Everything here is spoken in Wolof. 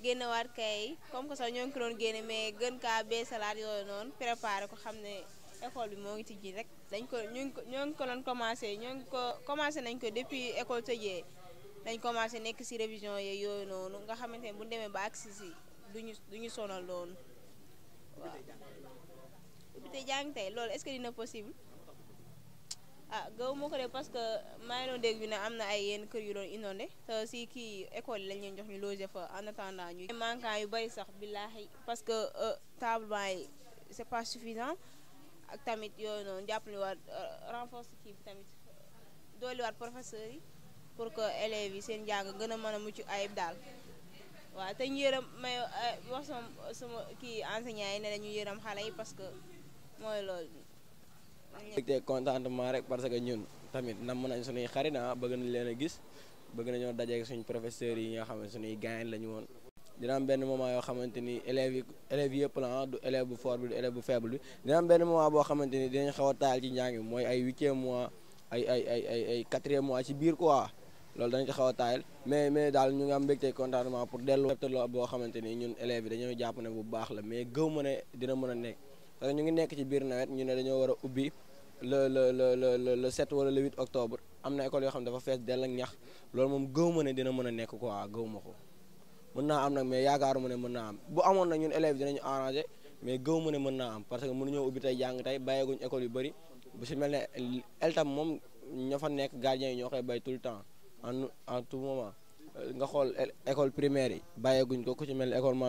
génnewaat kay comme que sax ñoo ngi ko doon génne mais gën kaa beesalaat yooyu noonu préparé ko xam ne école bi moo ngi tijji rek dañ ko ñu ngi ko ñoo ngi ko doon commencé ñoo ngi ko commencé nañ ko depuis école tëjee dañ commencé nekk si révision ye yooyu noonu nga xamante ne bu demee ba agsi si du ñu sonal loolu waaw ubbi te jàng tey loolu est-ce que dina possible xaw ma ko de parce que maa ngi doon dégg ñu ne am na ay yenn kër yu doon inondé te si kii école yi lañ leen jox ñu loger fa en attendant ñuy manquant yu bëri sax billaahi parce que euh, tablement yi c'est pas suffisant ak tamit yooyu noonu jàppale waat euh, renforce kii tamit dooli waat professeurs yi pour que élèves yi seen jàng gën a mën a mucc ayib daal waaw te ñu yërëm may wax sama kii enseignant yi ne dañu yërëm xale yi parce que mooy loolu. tey contentement rek parce que ñun tamit na nam nañ suñuy xarit ah bëgg nañ leen a gis bëgg nañoo dajeeg suñ professeurs yi nga xam ne suñuy gaañ la ñu woon dina am benn moment yoo xamante ni élèves yi élèves yëpp la ah, du élève bu fort bi du élève bu faible bi dina am benn moment boo xamante ni dinañ xaw a taal ci njàng mi mooy ay huitième mois ay ay ay ay ay mois ci biir quoi loolu dañ ci xaw a taayal mais mais daal ñu ngi am mbégte contentement pour dellu lo boo xamante ni ñun élèves yi dañoo jàpp ne bu baax la mais gëw ma ne dina mën a nekk parce ñu ngi nekk ci biir nawet ñu ne dañoo war a ubbi le le le le le 7 wala le 8 octobre am na école yoo xam ne dafa fees dell ak ñax loolu moom gëw ma ne dina mën a nekk quoi gëw ma ko mën naa am nag mais yaakaaruma ne mën naa am bu amoon na ñun élèves dinañu arrangé mais gëw ma ne mën naa am parce que mënuñoo ubbi tey jàng tey bàyyeeguñ école yu bëri bu si mel ne eltam moom ña fa nekk gardien yi ñoo koy bay tout le temps en en tout moment nga xool école primaire yi bàyyeeguñ ko ku ci mel ne école